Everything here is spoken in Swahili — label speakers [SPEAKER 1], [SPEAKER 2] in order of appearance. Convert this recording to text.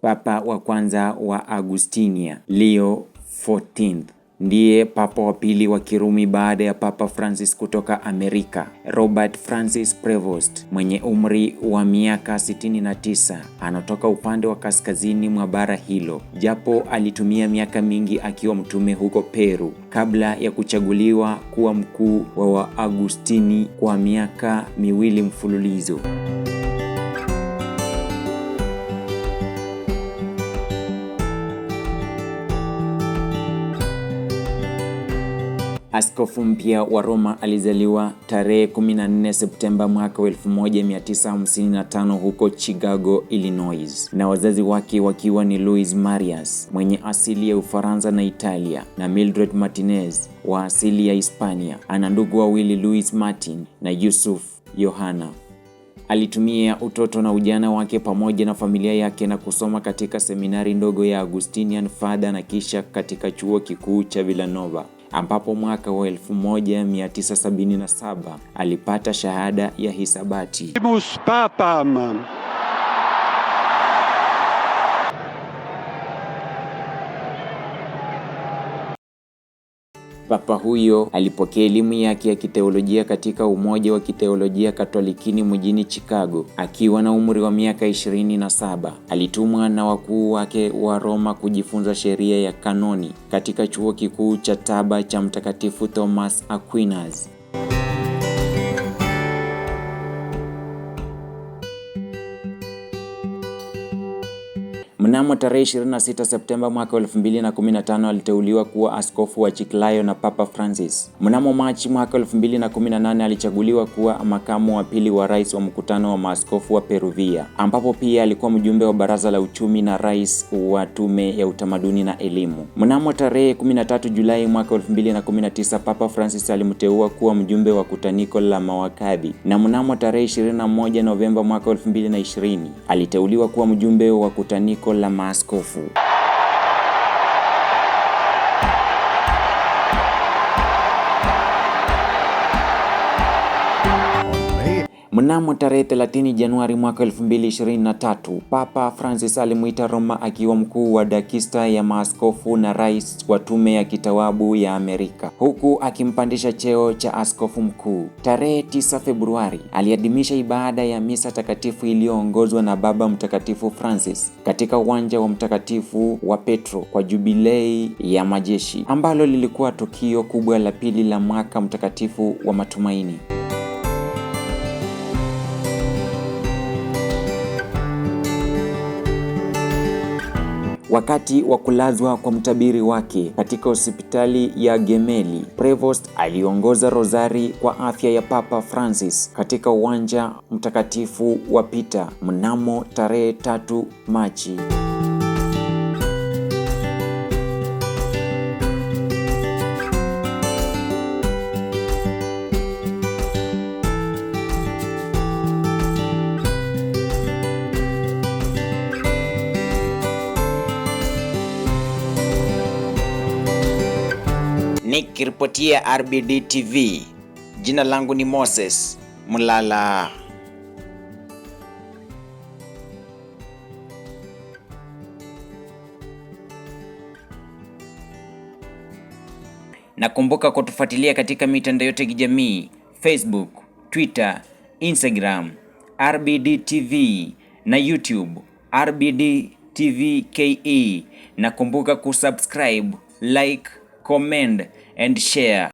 [SPEAKER 1] papa wa kwanza wa Augustinia, Leo 14th ndiye papa wa pili wa Kirumi baada ya Papa Francis kutoka Amerika. Robert Francis Prevost mwenye umri wa miaka 69 anatoka upande wa kaskazini mwa bara hilo, japo alitumia miaka mingi akiwa mtume huko Peru kabla ya kuchaguliwa kuwa mkuu wa Waagustini kwa miaka miwili mfululizo. Askofu mpya wa Roma alizaliwa tarehe 14 Septemba mwaka 1955 huko Chicago, Illinois, na wazazi wake wakiwa ni Louis Marias mwenye asili ya Ufaransa na Italia na Mildred Martinez wa asili ya Hispania. Ana ndugu wawili Louis Martin na Yusuf Yohana. Alitumia utoto na ujana wake pamoja na familia yake na kusoma katika seminari ndogo ya Augustinian Father na kisha katika chuo kikuu cha Villanova ambapo mwaka wa 1977 alipata shahada ya hisabati. Papam Papa huyo alipokea elimu yake ya kiteolojia katika Umoja wa Kiteolojia Katolikini mjini Chicago akiwa na umri wa miaka 27. Alitumwa na wakuu wake wa Roma kujifunza sheria ya kanoni katika Chuo Kikuu cha Taba cha Mtakatifu Thomas Aquinas. Mnamo tarehe 26 Septemba mwaka 2015 aliteuliwa kuwa askofu wa Chiclayo na Papa Francis. Mnamo Machi mwaka 2018 alichaguliwa kuwa makamu wa pili wa rais wa mkutano wa maaskofu wa Peruvia, ambapo pia alikuwa mjumbe wa baraza la uchumi na rais wa tume ya utamaduni na elimu. Mnamo tarehe 13 Julai mwaka 2019 Papa Francis alimteua kuwa mjumbe wa kutaniko la mawakadhi, na mnamo tarehe 21 Novemba mwaka 2020 aliteuliwa kuwa mjumbe wa kutaniko la maaskofu. Mnamo tarehe 30 Januari mwaka 2023, Papa Francis alimuita Roma akiwa mkuu wa dakista ya maaskofu na rais wa tume ya kitawabu ya Amerika, huku akimpandisha cheo cha askofu mkuu. Tarehe 9 Februari aliadhimisha ibada ya misa takatifu iliyoongozwa na Baba Mtakatifu Francis katika uwanja wa Mtakatifu wa Petro kwa jubilei ya majeshi, ambalo lilikuwa tukio kubwa la pili la mwaka mtakatifu wa matumaini. Wakati wa kulazwa kwa mtabiri wake katika hospitali ya Gemelli, Prevost aliongoza rozari kwa afya ya Papa Francis katika uwanja mtakatifu wa Peter mnamo tarehe 3 Machi.
[SPEAKER 2] nikiripotia RBD TV. Jina langu ni Moses Mulala. Nakumbuka kutufuatilia katika mitandao yote ya kijamii Facebook, Twitter, Instagram, RBD TV na YouTube RBD TV KE. Nakumbuka kusubscribe, like comment and share.